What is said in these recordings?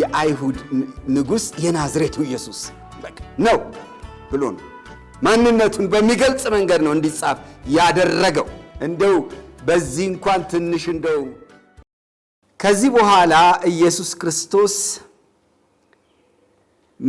የአይሁድ ንጉሥ የናዝሬቱ ኢየሱስ ነው ብሎ ነው ማንነቱን በሚገልጽ መንገድ ነው እንዲጻፍ ያደረገው። እንደው በዚህ እንኳን ትንሽ እንደው ከዚህ በኋላ ኢየሱስ ክርስቶስ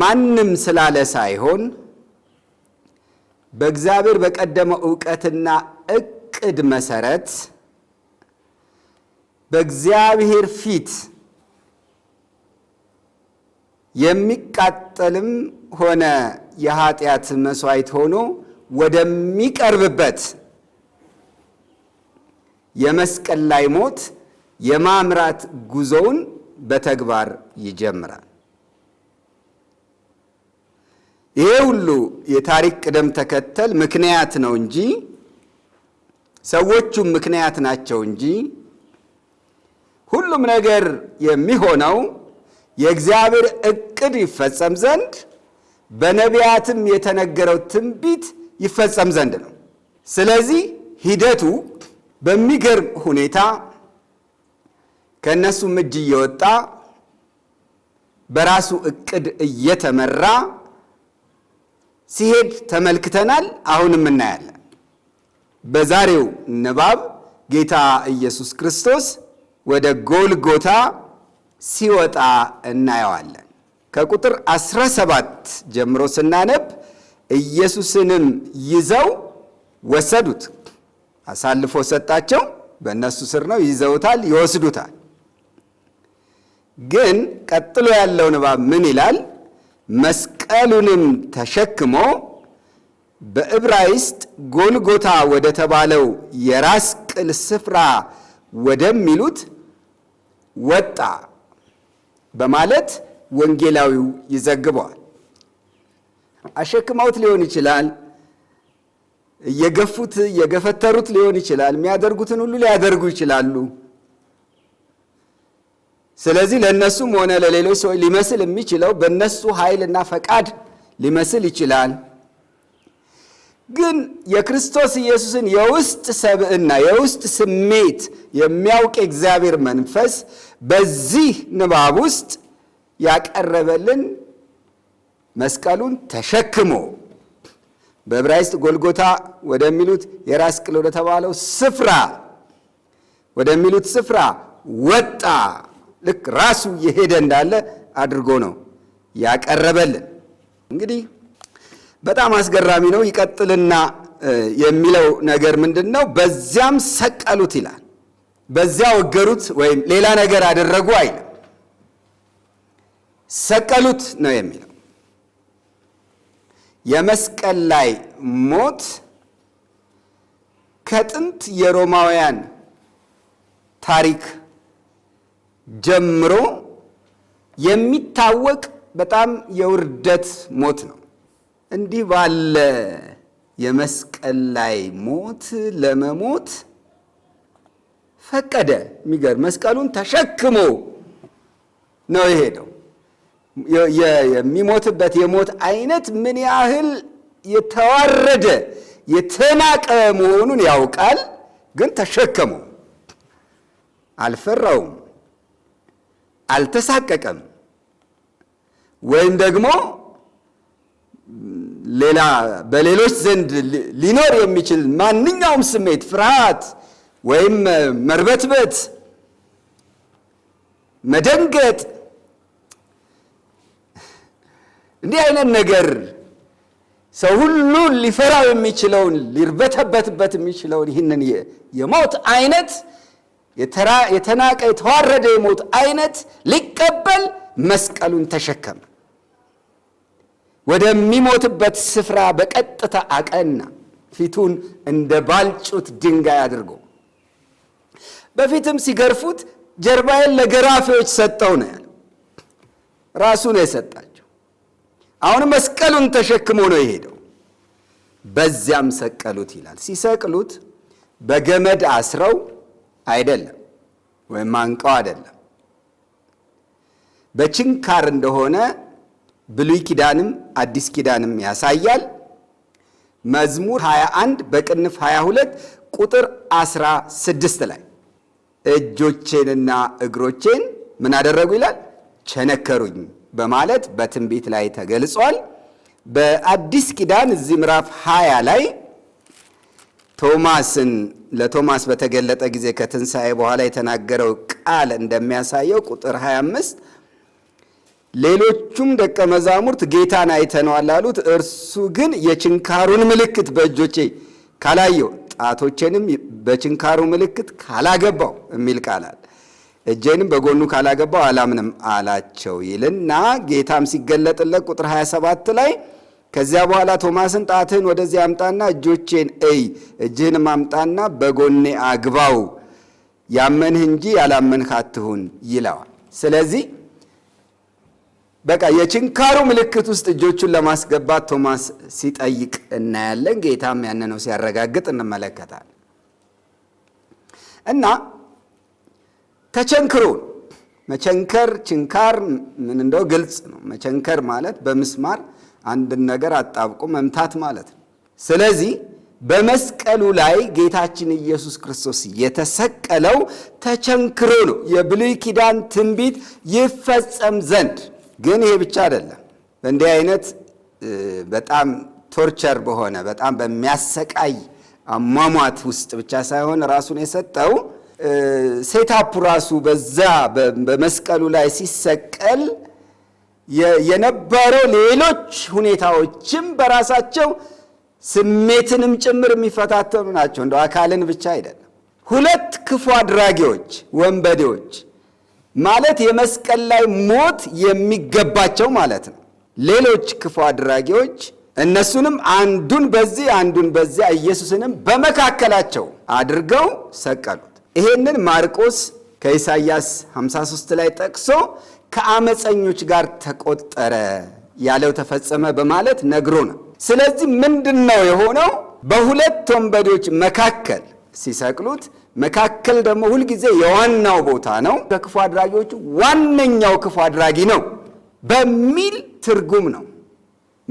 ማንም ስላለ ሳይሆን በእግዚአብሔር በቀደመው እውቀትና እቅድ መሰረት በእግዚአብሔር ፊት የሚቃጠልም ሆነ የኃጢአት መስዋዕት ሆኖ ወደሚቀርብበት የመስቀል ላይ ሞት የማምራት ጉዞውን በተግባር ይጀምራል። ይሄ ሁሉ የታሪክ ቅደም ተከተል ምክንያት ነው እንጂ ሰዎቹም ምክንያት ናቸው እንጂ ሁሉም ነገር የሚሆነው የእግዚአብሔር እቅድ ይፈጸም ዘንድ በነቢያትም የተነገረው ትንቢት ይፈጸም ዘንድ ነው። ስለዚህ ሂደቱ በሚገርም ሁኔታ ከእነሱም እጅ እየወጣ በራሱ እቅድ እየተመራ ሲሄድ ተመልክተናል። አሁንም እናያለን። በዛሬው ንባብ ጌታ ኢየሱስ ክርስቶስ ወደ ጎልጎታ ሲወጣ እናየዋለን። ከቁጥር 17 ጀምሮ ስናነብ ኢየሱስንም ይዘው ወሰዱት፣ አሳልፎ ሰጣቸው። በእነሱ ስር ነው፣ ይዘውታል፣ ይወስዱታል። ግን ቀጥሎ ያለው ንባብ ምን ይላል? መስቀሉንም ተሸክሞ በዕብራይስጥ ጎልጎታ ወደ ተባለው የራስ ቅል ስፍራ ወደሚሉት ወጣ በማለት ወንጌላዊው ይዘግበዋል። አሸክመውት ሊሆን ይችላል፣ እየገፉት እየገፈተሩት ሊሆን ይችላል። የሚያደርጉትን ሁሉ ሊያደርጉ ይችላሉ። ስለዚህ ለእነሱም ሆነ ለሌሎች ሰዎች ሊመስል የሚችለው በእነሱ ኃይልና ፈቃድ ሊመስል ይችላል። ግን የክርስቶስ ኢየሱስን የውስጥ ሰብዕና የውስጥ ስሜት የሚያውቅ የእግዚአብሔር መንፈስ በዚህ ንባብ ውስጥ ያቀረበልን መስቀሉን ተሸክሞ በዕብራይስጥ ጎልጎታ ወደሚሉት የራስ ቅል ወደተባለው ስፍራ ወደሚሉት ስፍራ ወጣ። ልክ ራሱ የሄደ እንዳለ አድርጎ ነው ያቀረበልን። እንግዲህ በጣም አስገራሚ ነው። ይቀጥልና የሚለው ነገር ምንድን ነው? በዚያም ሰቀሉት ይላል። በዚያ ወገሩት ወይም ሌላ ነገር አደረጉ አይልም። ሰቀሉት ነው የሚለው። የመስቀል ላይ ሞት ከጥንት የሮማውያን ታሪክ ጀምሮ የሚታወቅ በጣም የውርደት ሞት ነው። እንዲህ ባለ የመስቀል ላይ ሞት ለመሞት ፈቀደ። የሚገርም መስቀሉን ተሸክሞ ነው የሄደው። የሚሞትበት የሞት አይነት ምን ያህል የተዋረደ የተናቀ መሆኑን ያውቃል። ግን ተሸከሞ አልፈራውም፣ አልተሳቀቀም። ወይም ደግሞ ሌላ በሌሎች ዘንድ ሊኖር የሚችል ማንኛውም ስሜት ፍርሃት ወይም መርበትበት፣ መደንገጥ እንዲህ አይነት ነገር ሰው ሁሉ ሊፈራው የሚችለውን ሊርበተበትበት የሚችለውን ይህንን የሞት አይነት የተናቀ የተዋረደ የሞት አይነት ሊቀበል መስቀሉን ተሸከመ። ወደሚሞትበት ስፍራ በቀጥታ አቀና። ፊቱን እንደ ባልጩት ድንጋይ አድርጎ በፊትም ሲገርፉት ጀርባዬን ለገራፊዎች ሰጠው ነው ያለው። ራሱ ነው የሰጣቸው። አሁን መስቀሉን ተሸክሞ ነው የሄደው። በዚያም ሰቀሉት ይላል። ሲሰቅሉት በገመድ አስረው አይደለም፣ ወይም አንቀው አይደለም፣ በችንካር እንደሆነ ብሉይ ኪዳንም አዲስ ኪዳንም ያሳያል። መዝሙር 21 በቅንፍ 22 ቁጥር 16 ላይ እጆቼንና እግሮቼን ምን አደረጉ ይላል ቸነከሩኝ በማለት በትንቢት ላይ ተገልጿል። በአዲስ ኪዳን እዚህ ምዕራፍ 20 ላይ ቶማስን ለቶማስ በተገለጠ ጊዜ ከትንሣኤ በኋላ የተናገረው ቃል እንደሚያሳየው ቁጥር 25 ሌሎቹም ደቀ መዛሙርት ጌታን አይተነዋል አሉት። እርሱ ግን የችንካሩን ምልክት በእጆቼ ካላየው ጣቶቼንም በችንካሩ ምልክት ካላገባው የሚል ቃላል እጄንም በጎኑ ካላገባው አላምንም አላቸው ይልና ጌታም ሲገለጥለት ቁጥር 27 ላይ ከዚያ በኋላ ቶማስን ጣትህን ወደዚህ አምጣና እጆቼን እይ፣ እጅህንም አምጣና በጎኔ አግባው፣ ያመንህ እንጂ ያላመንህ አትሁን ይለዋል። ስለዚህ በቃ የችንካሩ ምልክት ውስጥ እጆቹን ለማስገባት ቶማስ ሲጠይቅ እናያለን። ጌታም ያንነው ሲያረጋግጥ እንመለከታል እና ተቸንክሮ መቸንከር ችንካር ምን እንደው ግልጽ ነው። መቸንከር ማለት በምስማር አንድን ነገር አጣብቆ መምታት ማለት ነው። ስለዚህ በመስቀሉ ላይ ጌታችን ኢየሱስ ክርስቶስ የተሰቀለው ተቸንክሮ ነው፣ የብሉይ ኪዳን ትንቢት ይፈጸም ዘንድ ግን ይሄ ብቻ አይደለም። እንዲህ አይነት በጣም ቶርቸር በሆነ በጣም በሚያሰቃይ አሟሟት ውስጥ ብቻ ሳይሆን ራሱን የሰጠው ሴታፑ ራሱ በዛ በመስቀሉ ላይ ሲሰቀል የነበረው ሌሎች ሁኔታዎችም በራሳቸው ስሜትንም ጭምር የሚፈታተኑ ናቸው። እንደ አካልን ብቻ አይደለም። ሁለት ክፉ አድራጊዎች፣ ወንበዴዎች ማለት የመስቀል ላይ ሞት የሚገባቸው ማለት ነው። ሌሎች ክፉ አድራጊዎች እነሱንም አንዱን በዚህ አንዱን በዚያ ኢየሱስንም በመካከላቸው አድርገው ሰቀሉት። ይሄንን ማርቆስ ከኢሳይያስ 53 ላይ ጠቅሶ ከአመፀኞች ጋር ተቆጠረ ያለው ተፈጸመ በማለት ነግሮ ነው። ስለዚህ ምንድን ነው የሆነው? በሁለት ወንበዴዎች መካከል ሲሰቅሉት መካከል ደግሞ ሁልጊዜ የዋናው ቦታ ነው። ከክፉ አድራጊዎቹ ዋነኛው ክፉ አድራጊ ነው በሚል ትርጉም ነው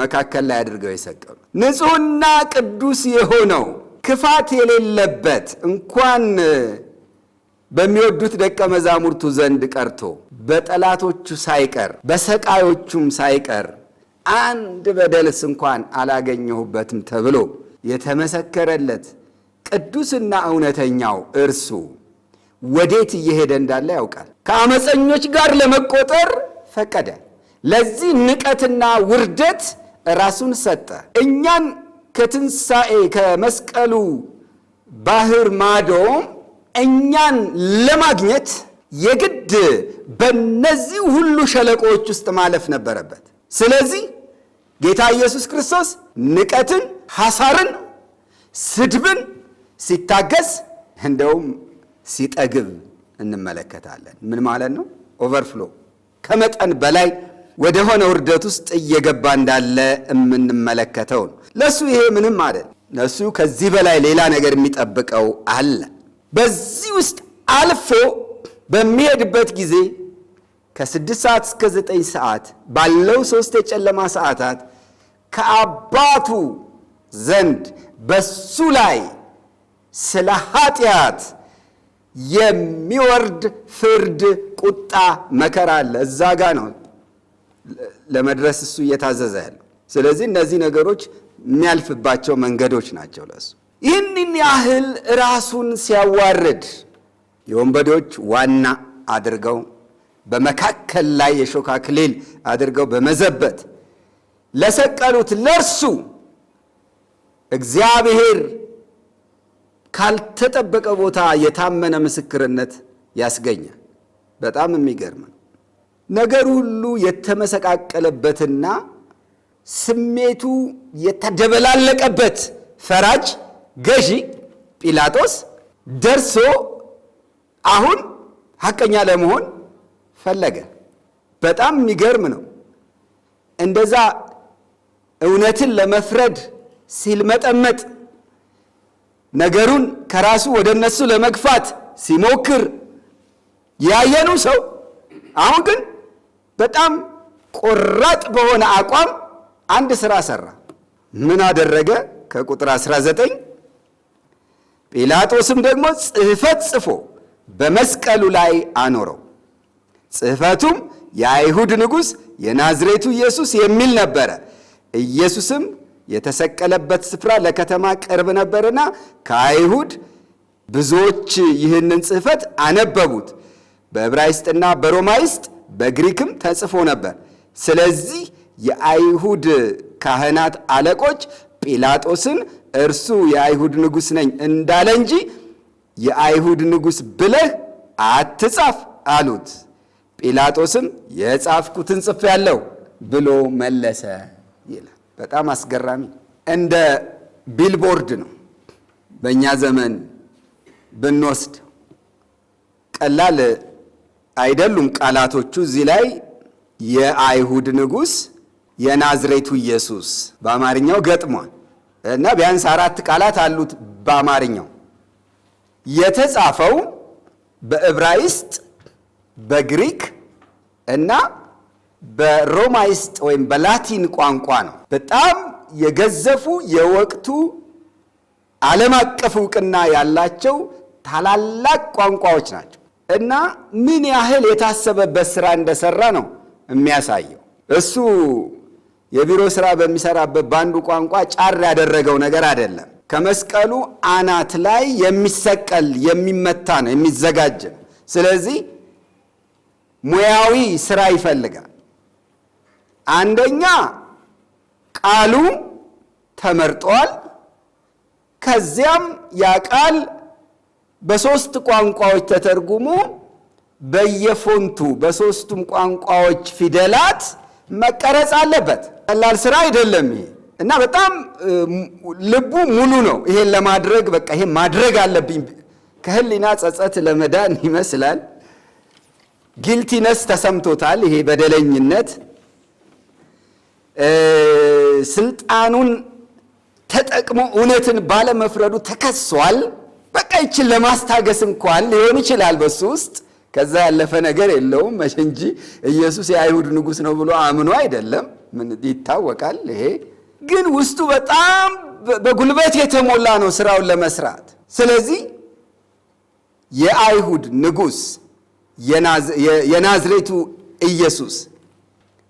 መካከል ላይ አድርገው የሰቀሉ። ንጹሕና ቅዱስ የሆነው ክፋት የሌለበት እንኳን በሚወዱት ደቀ መዛሙርቱ ዘንድ ቀርቶ በጠላቶቹ ሳይቀር በሰቃዮቹም ሳይቀር አንድ በደልስ እንኳን አላገኘሁበትም ተብሎ የተመሰከረለት ቅዱስና እውነተኛው እርሱ ወዴት እየሄደ እንዳለ ያውቃል። ከአመፀኞች ጋር ለመቆጠር ፈቀደ። ለዚህ ንቀትና ውርደት ራሱን ሰጠ። እኛን ከትንሣኤ ከመስቀሉ ባህር ማዶም እኛን ለማግኘት የግድ በነዚህ ሁሉ ሸለቆዎች ውስጥ ማለፍ ነበረበት። ስለዚህ ጌታ ኢየሱስ ክርስቶስ ንቀትን፣ ሐሳርን፣ ስድብን ሲታገስ እንደውም ሲጠግብ እንመለከታለን። ምን ማለት ነው? ኦቨርፍሎ ከመጠን በላይ ወደሆነ ውርደት ውስጥ እየገባ እንዳለ የምንመለከተው ነው። ለእሱ ይሄ ምንም አይደል። ለእሱ ከዚህ በላይ ሌላ ነገር የሚጠብቀው አለ። በዚህ ውስጥ አልፎ በሚሄድበት ጊዜ ከስድስት ሰዓት እስከ ዘጠኝ ሰዓት ባለው ሶስት የጨለማ ሰዓታት ከአባቱ ዘንድ በሱ ላይ ስለ ኃጢአት የሚወርድ ፍርድ፣ ቁጣ፣ መከራ አለ። እዛ ጋ ነው ለመድረስ እሱ እየታዘዘ ያለው። ስለዚህ እነዚህ ነገሮች የሚያልፍባቸው መንገዶች ናቸው ለእሱ። ይህንን ያህል ራሱን ሲያዋርድ የወንበዴዎች ዋና አድርገው በመካከል ላይ የሾካ አክሊል አድርገው በመዘበት ለሰቀሉት ለእርሱ እግዚአብሔር ካልተጠበቀ ቦታ የታመነ ምስክርነት ያስገኛል። በጣም የሚገርም ነው። ነገር ሁሉ የተመሰቃቀለበትና ስሜቱ የተደበላለቀበት ፈራጅ ገዢ ጲላጦስ ደርሶ አሁን ሐቀኛ ለመሆን ፈለገ። በጣም የሚገርም ነው። እንደዛ እውነትን ለመፍረድ ሲልመጠመጥ ነገሩን ከራሱ ወደ እነሱ ለመግፋት ሲሞክር ያየኑ ሰው አሁን ግን በጣም ቆራጥ በሆነ አቋም አንድ ስራ ሰራ። ምን አደረገ? ከቁጥር 19 ጲላጦስም ደግሞ ጽሕፈት ጽፎ በመስቀሉ ላይ አኖረው። ጽሕፈቱም የአይሁድ ንጉሥ የናዝሬቱ ኢየሱስ የሚል ነበረ። ኢየሱስም የተሰቀለበት ስፍራ ለከተማ ቅርብ ነበርና ከአይሁድ ብዙዎች ይህንን ጽሕፈት አነበቡት። በዕብራይስጥና በሮማይስጥ በግሪክም ተጽፎ ነበር። ስለዚህ የአይሁድ ካህናት አለቆች ጲላጦስን እርሱ የአይሁድ ንጉሥ ነኝ እንዳለ እንጂ የአይሁድ ንጉሥ ብለህ አትጻፍ አሉት። ጲላጦስም የጻፍኩትን ጽፌአለሁ ብሎ መለሰ ይላል። በጣም አስገራሚ እንደ ቢልቦርድ ነው። በእኛ ዘመን ብንወስድ ቀላል አይደሉም ቃላቶቹ። እዚህ ላይ የአይሁድ ንጉሥ የናዝሬቱ ኢየሱስ በአማርኛው ገጥሟል እና ቢያንስ አራት ቃላት አሉት በአማርኛው። የተጻፈው በዕብራይስጥ፣ በግሪክ እና በሮማይስጥ ወይም በላቲን ቋንቋ ነው። በጣም የገዘፉ የወቅቱ ዓለም አቀፍ እውቅና ያላቸው ታላላቅ ቋንቋዎች ናቸው እና ምን ያህል የታሰበበት ስራ እንደሰራ ነው የሚያሳየው። እሱ የቢሮ ስራ በሚሰራበት በአንዱ ቋንቋ ጫር ያደረገው ነገር አይደለም። ከመስቀሉ አናት ላይ የሚሰቀል የሚመታ ነው፣ የሚዘጋጅ ነው። ስለዚህ ሙያዊ ስራ ይፈልጋል። አንደኛ ቃሉ ተመርጧል። ከዚያም ያ ቃል በሶስት ቋንቋዎች ተተርጉሞ በየፎንቱ በሶስቱም ቋንቋዎች ፊደላት መቀረጽ አለበት። ቀላል ስራ አይደለም ይሄ እና በጣም ልቡ ሙሉ ነው። ይሄን ለማድረግ በቃ ይሄን ማድረግ አለብኝ ከህሊና ጸጸት ለመዳን ይመስላል። ጊልቲነስ ተሰምቶታል። ይሄ በደለኝነት ስልጣኑን ተጠቅሞ እውነትን ባለመፍረዱ ተከሷል። በቃ ይችን ለማስታገስ እንኳን ሊሆን ይችላል በሱ ውስጥ ከዛ ያለፈ ነገር የለውም መቼ እንጂ ኢየሱስ የአይሁድ ንጉሥ ነው ብሎ አምኖ አይደለም። ምን ይታወቃል። ይሄ ግን ውስጡ በጣም በጉልበት የተሞላ ነው ስራውን ለመስራት። ስለዚህ የአይሁድ ንጉሥ የናዝሬቱ ኢየሱስ